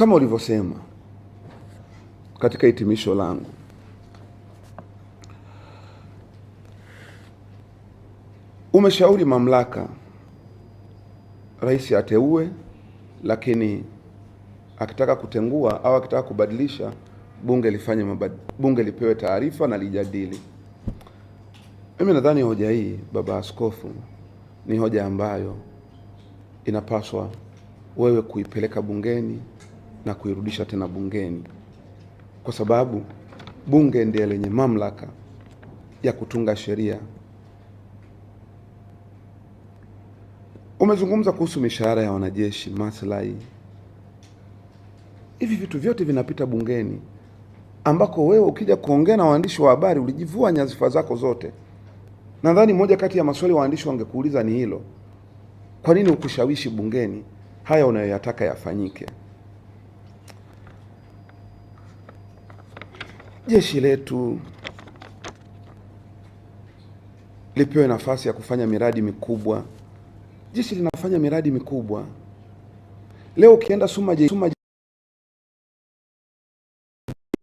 Kama ulivyosema katika hitimisho langu, umeshauri mamlaka rais ateue, lakini akitaka kutengua au akitaka kubadilisha bunge lifanye mabad... bunge lipewe taarifa na lijadili. Mimi nadhani hoja hii, baba askofu, ni hoja ambayo inapaswa wewe kuipeleka bungeni na kuirudisha tena bungeni, kwa sababu bunge ndiye lenye mamlaka ya kutunga sheria. Umezungumza kuhusu mishahara ya wanajeshi, maslahi. Hivi vitu vyote vinapita bungeni, ambako wewe ukija kuongea na waandishi wa habari ulijivua nyadhifa zako zote. Nadhani moja kati ya maswali waandishi wangekuuliza ni hilo, kwa nini ukushawishi bungeni haya unayoyataka yafanyike? jeshi letu lipewe nafasi ya kufanya miradi mikubwa. Jeshi linafanya miradi mikubwa. Leo ukienda Suma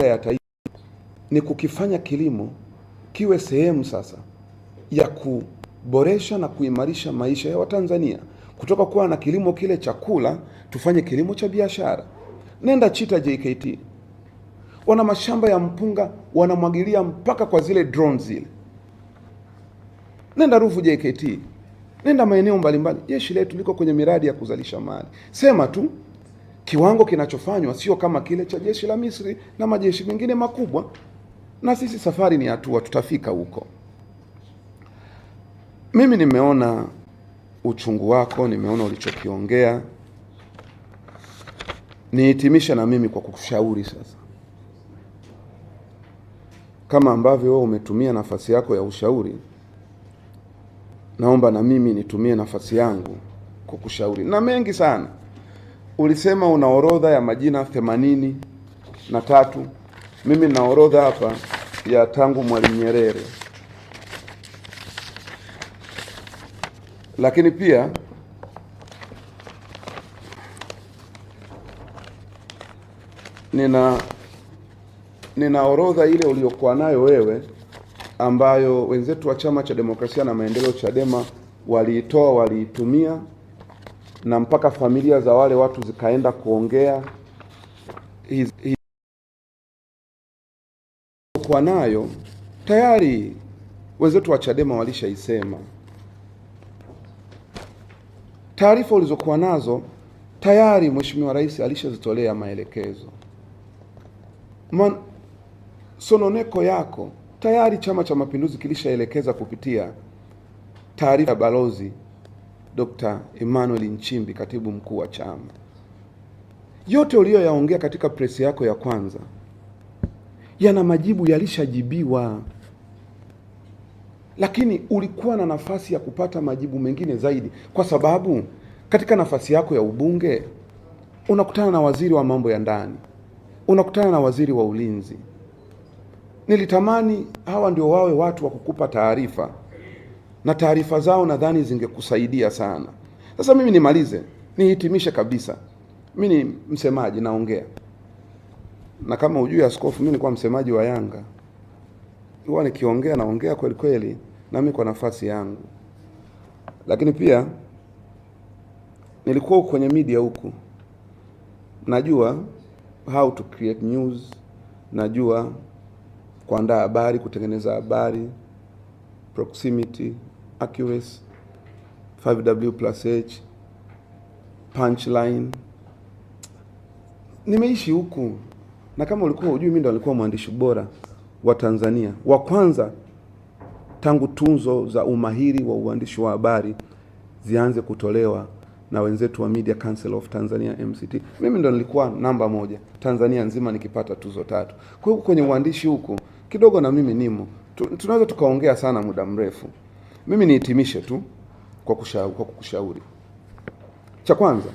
ya taifa ni kukifanya kilimo kiwe sehemu sasa ya kuboresha na kuimarisha maisha ya Watanzania, kutoka kuwa na kilimo kile chakula tufanye kilimo cha biashara. Nenda Chita JKT wana mashamba ya mpunga wanamwagilia mpaka kwa zile drone zile. Nenda Ruvu JKT, nenda maeneo mbalimbali. Jeshi letu liko kwenye miradi ya kuzalisha mali, sema tu kiwango kinachofanywa sio kama kile cha jeshi la Misri na majeshi mengine makubwa, na sisi safari ni hatua, tutafika huko. Mimi nimeona uchungu wako, nimeona ulichokiongea. Nihitimisha na mimi kwa kukushauri sasa kama ambavyo wewe umetumia nafasi yako ya ushauri, naomba na mimi nitumie nafasi yangu kukushauri na mengi sana. Ulisema una orodha ya majina themanini na tatu. Mimi na orodha hapa ya tangu Mwalimu Nyerere, lakini pia nina nina orodha ile uliokuwa nayo wewe ambayo wenzetu wa Chama cha Demokrasia na Maendeleo Chadema waliitoa waliitumia, na mpaka familia za wale watu zikaenda kuongea kwa nayo tayari wenzetu wa Chadema walishaisema. Taarifa ulizokuwa nazo tayari Mheshimiwa Rais alishazitolea maelekezo Man, sononeko yako tayari Chama cha Mapinduzi kilishaelekeza kupitia taarifa ya Balozi Dr. Emmanuel Nchimbi, katibu mkuu wa chama. Yote uliyoyaongea katika presi yako ya kwanza yana majibu yalishajibiwa, lakini ulikuwa na nafasi ya kupata majibu mengine zaidi, kwa sababu katika nafasi yako ya ubunge unakutana na waziri wa mambo ya ndani, unakutana na waziri wa ulinzi Nilitamani hawa ndio wawe watu wa kukupa taarifa, na taarifa zao nadhani zingekusaidia sana. Sasa mimi nimalize, nihitimishe kabisa. Mi ni msemaji, naongea na kama hujui askofu, mi nikuwa msemaji wa Yanga, huwa nikiongea naongea kweli kweli, nami kwa nafasi yangu, lakini pia nilikuwa kwenye media huku, najua how to create news, najua kuandaa habari, kutengeneza habari, proximity, accuracy, 5W plus H, punchline. Nimeishi huku na kama ulikuwa hujui, mimi ndo alikuwa mwandishi bora wa Tanzania wa kwanza tangu tunzo za umahiri wa uandishi wa habari zianze kutolewa na wenzetu wa Media Council of Tanzania MCT. Mimi ndo nilikuwa namba moja Tanzania nzima nikipata tuzo tatu. Kwa hiyo kwenye uandishi huku kidogo na mimi nimo, tunaweza tukaongea sana muda mrefu. Mimi nihitimishe tu kwa kushauri, kwa kukushauri, cha kwanza,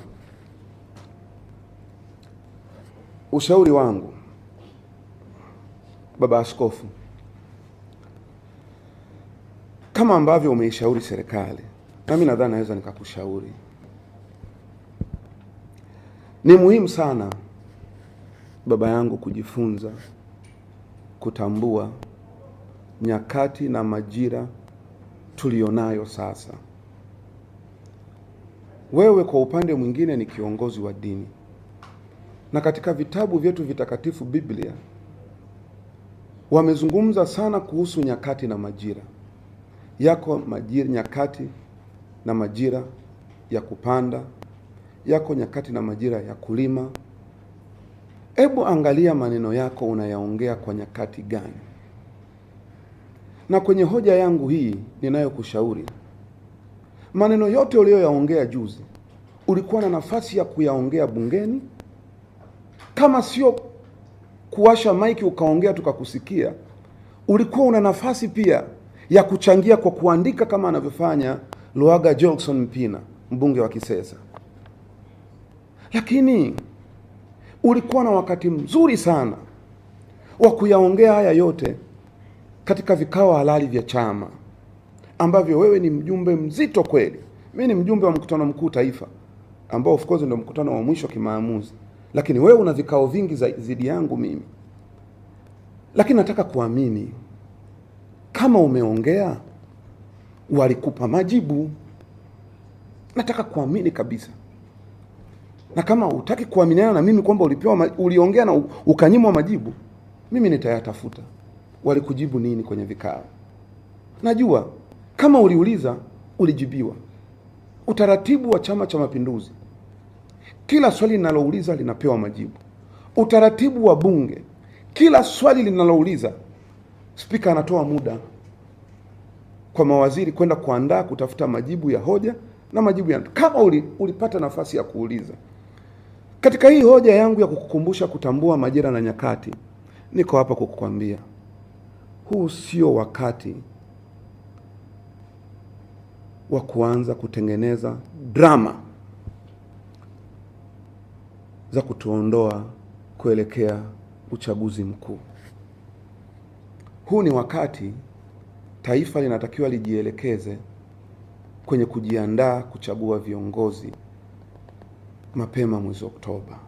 ushauri wangu baba askofu, kama ambavyo umeishauri serikali, nami nadhani naweza nikakushauri. Ni muhimu sana baba yangu kujifunza kutambua nyakati na majira tulionayo sasa. Wewe kwa upande mwingine ni kiongozi wa dini, na katika vitabu vyetu vitakatifu, Biblia, wamezungumza sana kuhusu nyakati na majira. Yako majira, nyakati na majira ya kupanda, yako nyakati na majira ya kulima Hebu angalia maneno yako unayaongea kwa nyakati gani. Na kwenye hoja yangu hii ninayokushauri, maneno yote uliyoyaongea juzi ulikuwa na nafasi ya kuyaongea bungeni, kama sio kuwasha maiki ukaongea tukakusikia, ulikuwa una nafasi pia ya kuchangia kwa kuandika kama anavyofanya Luhaga Johnson Mpina, mbunge wa Kisesa, lakini ulikuwa na wakati mzuri sana wa kuyaongea haya yote katika vikao halali vya chama ambavyo wewe ni mjumbe mzito kweli. Mimi ni mjumbe wa mkutano mkuu taifa, ambao of course ndio mkutano wa mwisho kimaamuzi, lakini wewe una vikao vingi zaidi yangu mimi. Lakini nataka kuamini kama umeongea, walikupa majibu. Nataka kuamini kabisa na kama hutaki kuaminiana na mimi kwamba ulipewa uliongea na ukanyimwa majibu, mimi nitayatafuta walikujibu nini kwenye vikao. Najua kama uliuliza ulijibiwa. Utaratibu wa Chama cha Mapinduzi, kila swali linalouliza linapewa majibu. Utaratibu wa Bunge, kila swali linalouliza spika anatoa muda kwa mawaziri kwenda kuandaa kutafuta majibu ya hoja na majibu ya kama ulipata nafasi ya kuuliza katika hii hoja yangu ya kukukumbusha kutambua majira na nyakati, niko hapa kukukwambia huu sio wakati wa kuanza kutengeneza drama za kutuondoa kuelekea uchaguzi mkuu. Huu ni wakati taifa linatakiwa lijielekeze kwenye kujiandaa kuchagua viongozi mapema mwezi Oktoba.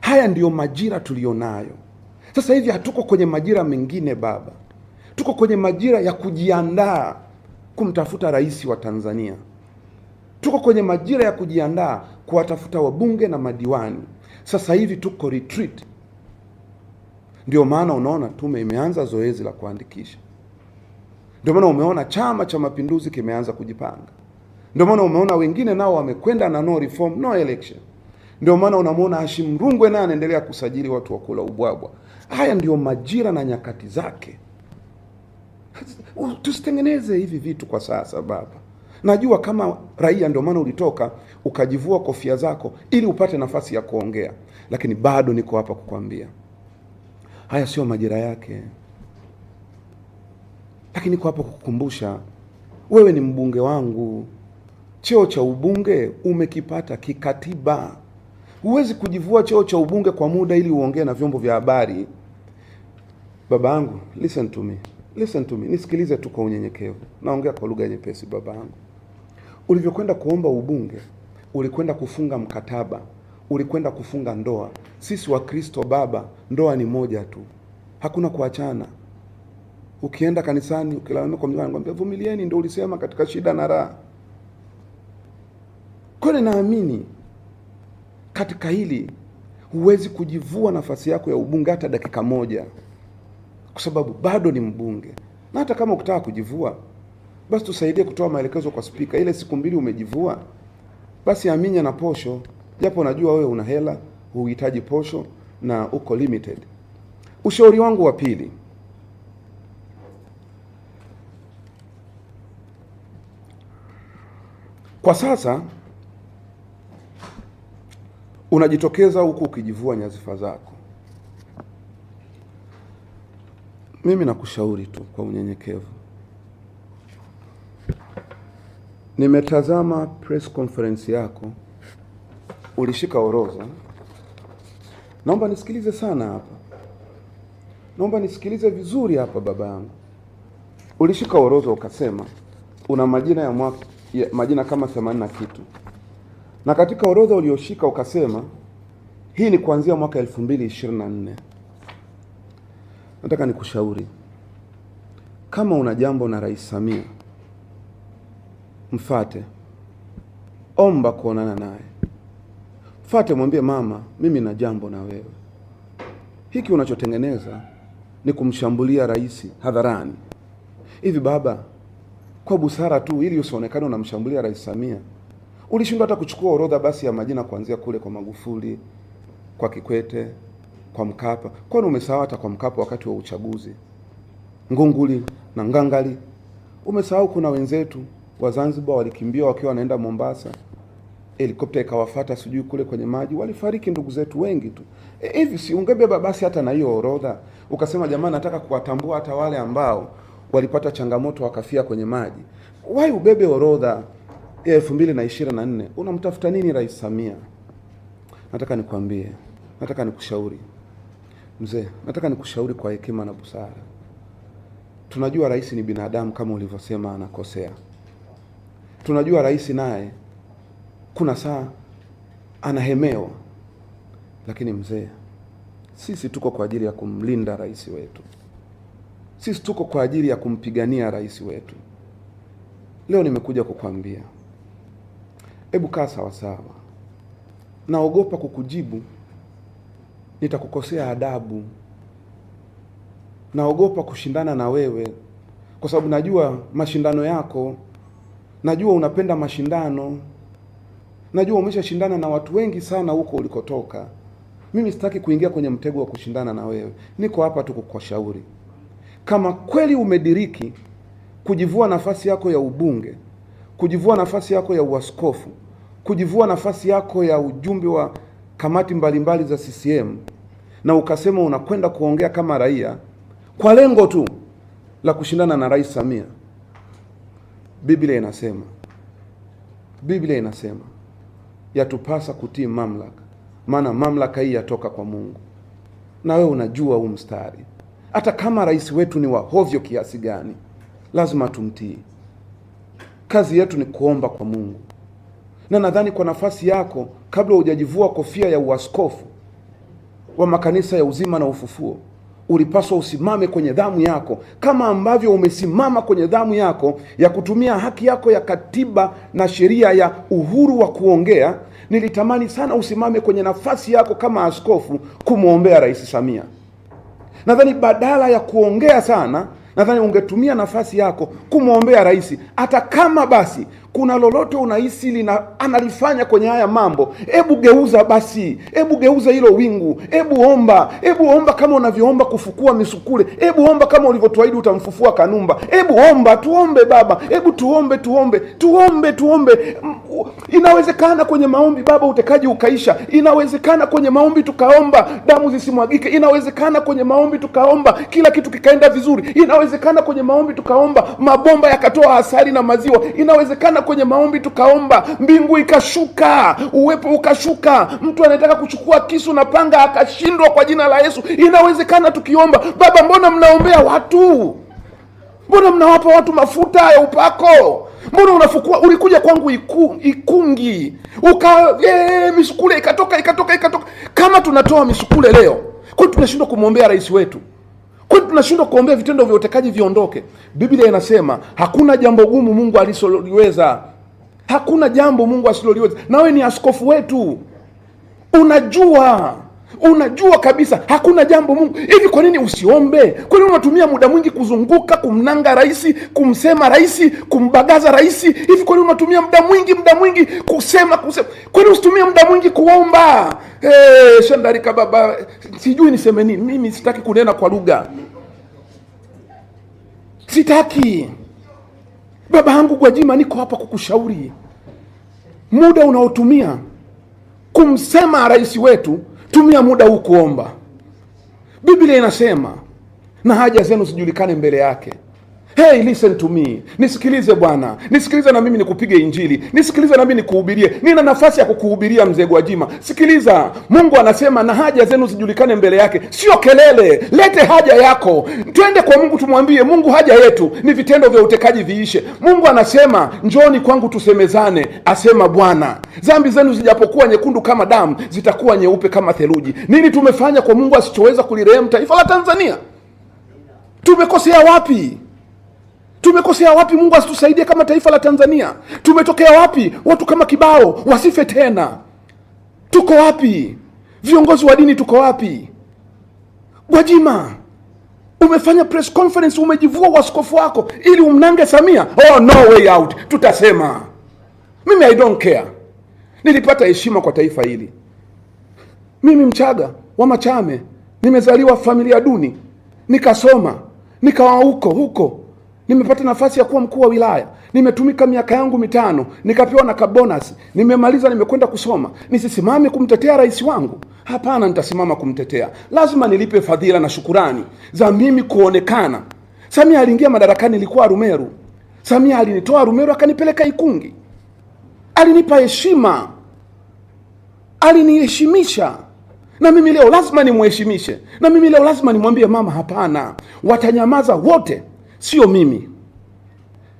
Haya ndiyo majira tuliyonayo sasa hivi. Hatuko kwenye majira mengine Baba, tuko kwenye majira ya kujiandaa kumtafuta rais wa Tanzania. Tuko kwenye majira ya kujiandaa kuwatafuta wabunge na madiwani. Sasa hivi tuko retreat, ndio maana unaona tume imeanza zoezi la kuandikisha, ndio maana umeona Chama cha Mapinduzi kimeanza kujipanga. Ndio maana umeona wengine nao wamekwenda na no reform no election. Ndio maana unamwona Hashim Rungwe naye anaendelea kusajili watu wa kula ubwabwa. Haya ndiyo majira na nyakati zake. Tusitengeneze hivi vitu kwa sasa baba. Najua kama raia, ndio maana ulitoka ukajivua kofia zako ili upate nafasi ya kuongea, lakini bado niko hapa kukwambia haya sio majira yake, lakini niko hapa kukukumbusha wewe ni mbunge wangu. Cheo cha ubunge umekipata kikatiba. Huwezi kujivua cheo cha ubunge kwa muda ili uongee na vyombo vya habari. Baba yangu, listen to me, listen to me, nisikilize tu kwa unyenyekevu. Naongea kwa lugha nyepesi. Baba yangu, ulivyokwenda kuomba ubunge, ulikwenda kufunga mkataba, ulikwenda kufunga ndoa. Sisi wa Kristo baba, ndoa ni moja tu, hakuna kuachana. Ukienda kanisani ukilalamika kwa mlango, anakuambia vumilieni, ndio ulisema katika shida na raha. Kwa hiyo ninaamini katika hili huwezi kujivua nafasi yako ya ubunge hata dakika moja, kwa sababu bado ni mbunge, na hata kama ukitaka kujivua, basi tusaidie kutoa maelekezo kwa Spika. Ile siku mbili umejivua, basi aminya na posho, japo najua wewe una hela, huhitaji posho na uko limited. Ushauri wangu wa pili, kwa sasa unajitokeza huku ukijivua nyazifa zako. Mimi nakushauri tu kwa unyenyekevu. Nimetazama press conference yako, ulishika orodha. Naomba nisikilize sana hapa, naomba nisikilize vizuri hapa, baba yangu. Ulishika orodha ukasema una majina ya, ya majina kama themanini na kitu na katika orodha ulioshika ukasema hii ni kuanzia mwaka 2024. Nataka nikushauri kama una jambo na Rais Samia mfate, omba kuonana naye, mfate, mwambie mama, mimi na jambo na wewe. Hiki unachotengeneza ni kumshambulia rais hadharani. Hivi baba, kwa busara tu, ili usionekane unamshambulia Rais Samia Ulishindwa hata kuchukua orodha basi ya majina kuanzia kule kwa Magufuli, kwa Kikwete, kwa Mkapa. Kwani umesahau hata kwa Mkapa wakati wa uchaguzi ngunguli na ngangali? Umesahau kuna wenzetu wa Zanzibar walikimbia wakiwa wanaenda Mombasa, helikopta ikawafata sijui kule kwenye maji, walifariki ndugu zetu wengi tu. E, hivi e, si ungebeba basi hata na hiyo orodha ukasema, jamani, nataka kuwatambua hata wale ambao walipata changamoto wakafia kwenye maji. Wai ubebe orodha ya elfu mbili na ishirini na nne unamtafuta nini Rais Samia? Nataka nikwambie, nataka nikushauri mzee, nataka nikushauri kwa hekima na busara. Tunajua rais ni binadamu kama ulivyosema, anakosea. Tunajua rais naye kuna saa anahemewa, lakini mzee, sisi tuko kwa ajili ya kumlinda rais wetu, sisi tuko kwa ajili ya kumpigania rais wetu. Leo nimekuja kukwambia hebu kaa sawasawa, naogopa kukujibu, nitakukosea adabu, naogopa kushindana na wewe kwa sababu najua mashindano yako, najua unapenda mashindano, najua umeshashindana na watu wengi sana huko ulikotoka. Mimi sitaki kuingia kwenye mtego wa kushindana na wewe, niko hapa tu kukushauri. Kama kweli umediriki kujivua nafasi yako ya ubunge, kujivua nafasi yako ya uaskofu kujivua nafasi yako ya ujumbe wa kamati mbalimbali za CCM na ukasema unakwenda kuongea kama raia kwa lengo tu la kushindana na Rais Samia. Biblia inasema, Biblia inasema yatupasa kutii mamlaka, maana mamlaka hii yatoka kwa Mungu. Na wewe unajua huu mstari. Hata kama rais wetu ni wahovyo kiasi gani, lazima tumtii. Kazi yetu ni kuomba kwa Mungu na nadhani kwa nafasi yako, kabla hujajivua kofia ya uaskofu wa makanisa ya uzima na ufufuo, ulipaswa usimame kwenye dhamu yako, kama ambavyo umesimama kwenye dhamu yako ya kutumia haki yako ya katiba na sheria ya uhuru wa kuongea. Nilitamani sana usimame kwenye nafasi yako kama askofu kumwombea Rais Samia. Nadhani badala ya kuongea sana, nadhani ungetumia nafasi yako kumwombea rais, hata kama basi kuna lolote unahisi lina analifanya kwenye haya mambo, hebu geuza basi, hebu geuza hilo wingu, hebu omba, hebu omba kama unavyoomba kufukua misukule, hebu omba kama ulivyotuahidi utamfufua Kanumba, hebu omba. Tuombe Baba, hebu tuombe, tuombe, tuombe, tuombe. Mm, inawezekana kwenye maombi Baba utekaji ukaisha, inawezekana kwenye maombi tukaomba damu zisimwagike, inawezekana kwenye maombi tukaomba kila kitu kikaenda vizuri, inawezekana kwenye maombi tukaomba mabomba yakatoa asari na maziwa, inawezekana kwenye maombi tukaomba, mbingu ikashuka, uwepo ukashuka. Mtu anataka kuchukua kisu na panga akashindwa kwa jina la Yesu. Inawezekana tukiomba. Baba, mbona mnaombea watu? Mbona mnawapa watu mafuta ya upako? Mbona unafukua? Ulikuja kwangu iku, Ikungi uka ee, misukule ikatoka ikatoka ikatoka. Kama tunatoa misukule leo, kwani tunashindwa kumwombea rais wetu? Kwani tunashindwa kuombea vitendo vya utekaji viondoke? Biblia inasema hakuna jambo gumu Mungu alisoliweza, hakuna jambo Mungu asiloliweza. Nawe ni askofu wetu, unajua unajua kabisa hakuna jambo Mungu hivi. Kwa nini usiombe? Kwa nini unatumia muda mwingi kuzunguka kumnanga rais, kumsema rais, kumbagaza rais? Hivi kwa nini unatumia muda mwingi muda mwingi kusema kusema? Kwa nini usitumie muda mwingi kuomba? Hey, eh, shandarika baba, sijui niseme nini mimi, sitaki kunena kwa lugha. Sitaki. Baba yangu Gwajima, niko hapa kukushauri. Muda unaotumia kumsema rais wetu, tumia muda huu kuomba. Biblia inasema na haja zenu zijulikane mbele yake. Hey, listen to me, nisikilize bwana, nisikilize na mimi nikupige Injili, nisikilize na mimi nikuhubirie. Nina nafasi ya kukuhubiria mzee Gwajima. Sikiliza, Mungu anasema na haja zenu zijulikane mbele yake, sio kelele. Lete haja yako, twende kwa Mungu, tumwambie Mungu haja yetu ni vitendo vya utekaji viishe. Mungu anasema njoni kwangu tusemezane, asema Bwana, dhambi zenu zijapokuwa nyekundu kama damu, zitakuwa nyeupe kama theluji. Nini tumefanya kwa Mungu asichoweza kulirehemu taifa la Tanzania? Tumekosea wapi? Tumekosea wapi? Mungu asitusaidie kama taifa la Tanzania. Tumetokea wapi? Watu kama Kibao wasife tena. Tuko wapi? Viongozi wa dini tuko wapi? Gwajima, umefanya press conference, umejivua waskofu wako ili umnange Samia. Oh, no way out. Tutasema mimi I don't care. Nilipata heshima kwa taifa hili mimi Mchaga wa Machame, nimezaliwa familia duni, nikasoma nikawa huko huko Nimepata nafasi ya kuwa mkuu wa wilaya, nimetumika miaka yangu mitano, nikapewa na kabonasi, nimemaliza, nimekwenda kusoma. Nisisimame kumtetea rais wangu? Hapana, nitasimama kumtetea. Lazima nilipe fadhila na shukurani za mimi kuonekana. Samia aliingia madarakani, ilikuwa Rumeru. Samia alinitoa Rumeru akanipeleka Ikungi, alinipa heshima, aliniheshimisha na mimi leo lazima nimuheshimishe, na mimi leo lazima nimwambie mama, hapana. Watanyamaza wote sio mimi.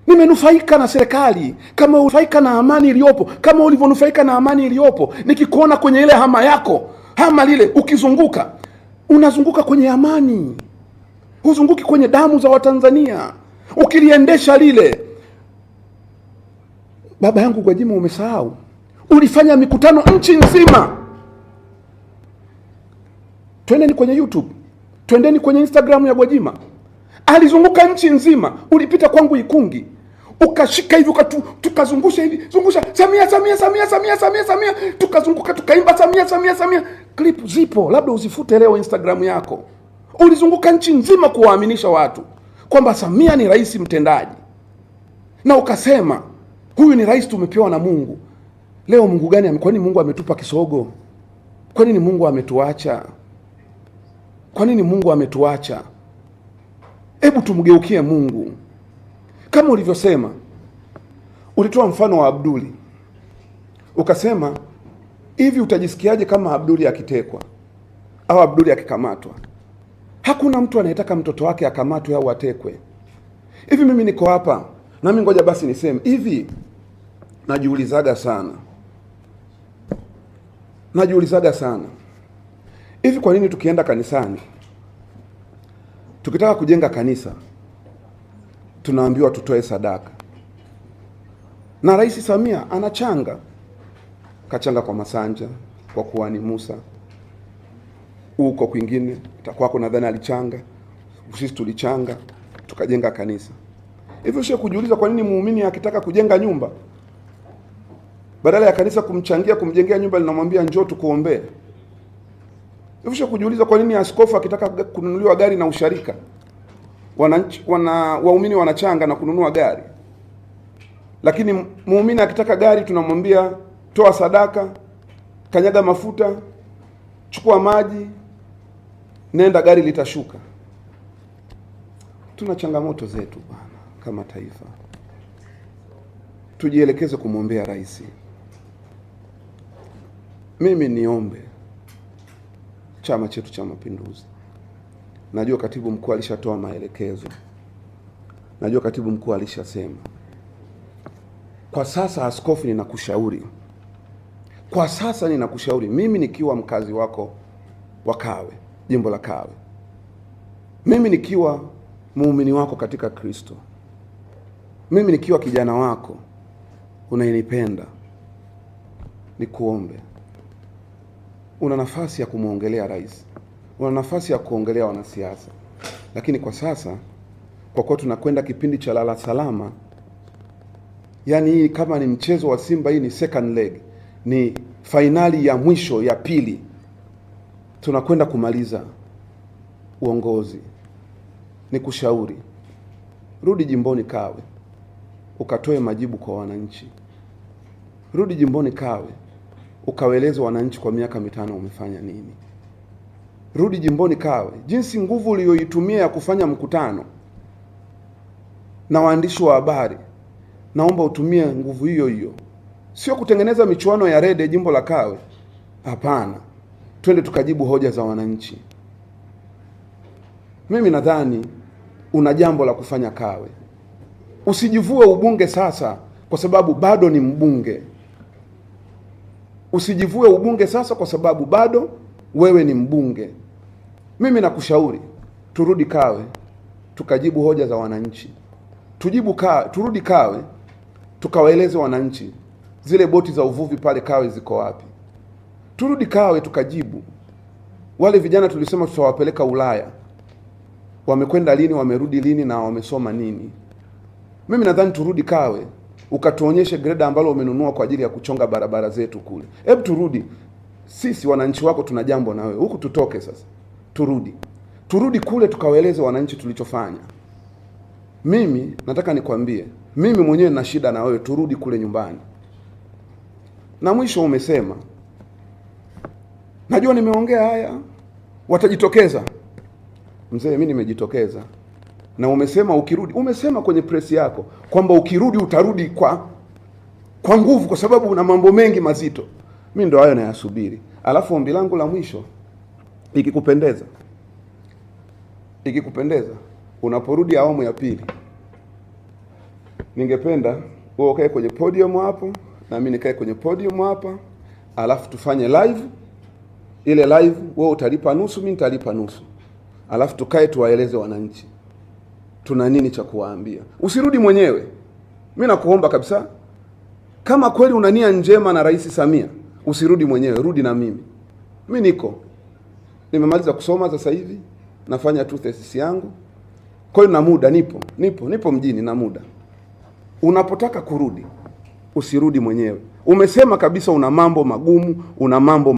Nimenufaika na serikali kama ulifaika na amani iliyopo, kama ulivyonufaika na amani iliyopo. Nikikuona kwenye ile hama yako, hama lile, ukizunguka unazunguka kwenye amani, huzunguki kwenye damu za Watanzania ukiliendesha lile. Baba yangu Gwajima, umesahau ulifanya mikutano nchi nzima. Twendeni kwenye YouTube, twendeni kwenye instagramu ya Gwajima alizunguka nchi nzima, ulipita kwangu Ikungi ukashika hivi tukazungusha hivi zungusha, Samia Samia Samia Samia Samia Samia, tukazunguka tukaimba Samia Samia Samia. Clip zipo, labda uzifute leo Instagram yako. Ulizunguka nchi nzima kuwaaminisha watu kwamba Samia ni rais mtendaji, na ukasema huyu ni rais tumepewa na Mungu. Leo Mungu gani? Kwa Mungu ametupa kisogo? kwanini Mungu ametuacha? Kwa nini Mungu ametuacha? Hebu tumgeukie Mungu kama ulivyosema. Ulitoa mfano wa Abduli ukasema hivi, utajisikiaje kama Abduli akitekwa au Abduli akikamatwa? Hakuna mtu anayetaka mtoto wake akamatwe au atekwe. Hivi mimi niko hapa nami, ngoja basi niseme hivi, najiulizaga sana, najiulizaga sana hivi, kwa nini tukienda kanisani Tukitaka kujenga kanisa tunaambiwa tutoe sadaka, na Rais Samia anachanga, kachanga kwa Masanja, kwa kuani Musa, huko kwingine takwako, nadhani alichanga, sisi tulichanga tukajenga kanisa. Hivyo sio kujiuliza kwa nini muumini akitaka kujenga nyumba badala ya kanisa kumchangia kumjengea nyumba linamwambia njoo tukuombee? Usha kujiuliza kwa nini askofu akitaka kununuliwa gari na usharika wananchi wana waumini wanachanga na kununua gari, lakini muumini akitaka gari tunamwambia toa sadaka, kanyaga mafuta, chukua maji, nenda gari litashuka. Tuna changamoto zetu bwana, kama taifa tujielekeze kumwombea rais. Mimi niombe chama chetu cha Mapinduzi. Najua katibu mkuu alishatoa maelekezo, najua katibu mkuu alishasema. Kwa sasa, askofu, ninakushauri kwa sasa, ninakushauri mimi nikiwa mkazi wako wa Kawe, jimbo la Kawe, mimi nikiwa muumini wako katika Kristo, mimi nikiwa kijana wako unayenipenda, nikuombe una nafasi ya kumwongelea rais, una nafasi ya kuongelea wanasiasa, lakini kwa sasa kwa kuwa tunakwenda kipindi cha lala salama, yaani hii kama ni mchezo wa Simba, hii ni second leg, ni fainali ya mwisho ya pili, tunakwenda kumaliza uongozi. Ni kushauri rudi jimboni Kawe ukatoe majibu kwa wananchi, rudi jimboni Kawe ukawaeleza wananchi kwa miaka mitano umefanya nini. Rudi jimboni Kawe, jinsi nguvu uliyoitumia ya kufanya mkutano na waandishi wa habari, naomba utumie nguvu hiyo hiyo, sio kutengeneza michuano ya rede jimbo la Kawe. Hapana, twende tukajibu hoja za wananchi. Mimi nadhani una jambo la kufanya Kawe. Usijivue ubunge sasa, kwa sababu bado ni mbunge. Usijivue ubunge sasa, kwa sababu bado wewe ni mbunge. Mimi nakushauri turudi Kawe tukajibu hoja za wananchi, tujibu Kawe, turudi Kawe tukawaeleze wananchi zile boti za uvuvi pale Kawe ziko wapi. Turudi Kawe tukajibu wale vijana tulisema tutawapeleka Ulaya, wamekwenda lini? Wamerudi lini? na wamesoma nini? Mimi nadhani turudi Kawe ukatuonyeshe greda ambalo umenunua kwa ajili ya kuchonga barabara zetu kule. Hebu turudi sisi wananchi wako, tuna jambo na wewe huku, tutoke sasa, turudi turudi kule tukawaeleze wananchi tulichofanya. Mimi nataka nikwambie, mimi mwenyewe nina shida na wewe, turudi kule nyumbani. Na mwisho umesema, najua nimeongea haya, watajitokeza. Mzee, mi nimejitokeza na umesema ukirudi, umesema kwenye presi yako kwamba ukirudi utarudi kwa kwa nguvu, kwa sababu una mambo mengi mazito. Mi ndo hayo nayasubiri. Alafu ombi langu la mwisho, ikikupendeza, ikikupendeza, unaporudi awamu ya pili, ningependa wewe ukae kwenye podium hapo na mimi nikae kwenye podium hapa, alafu tufanye live. Ile live wewe utalipa nusu, mimi nitalipa nusu, alafu tukae tuwaeleze wananchi tuna nini cha kuwaambia. Usirudi mwenyewe. Mimi nakuomba kabisa, kama kweli una nia njema na Rais Samia, usirudi mwenyewe, rudi na mimi. Mimi niko nimemaliza kusoma sasa hivi, nafanya tu thesis yangu, kwa hiyo na muda nipo, nipo nipo mjini na muda. Unapotaka kurudi, usirudi mwenyewe. Umesema kabisa una mambo magumu, una mambo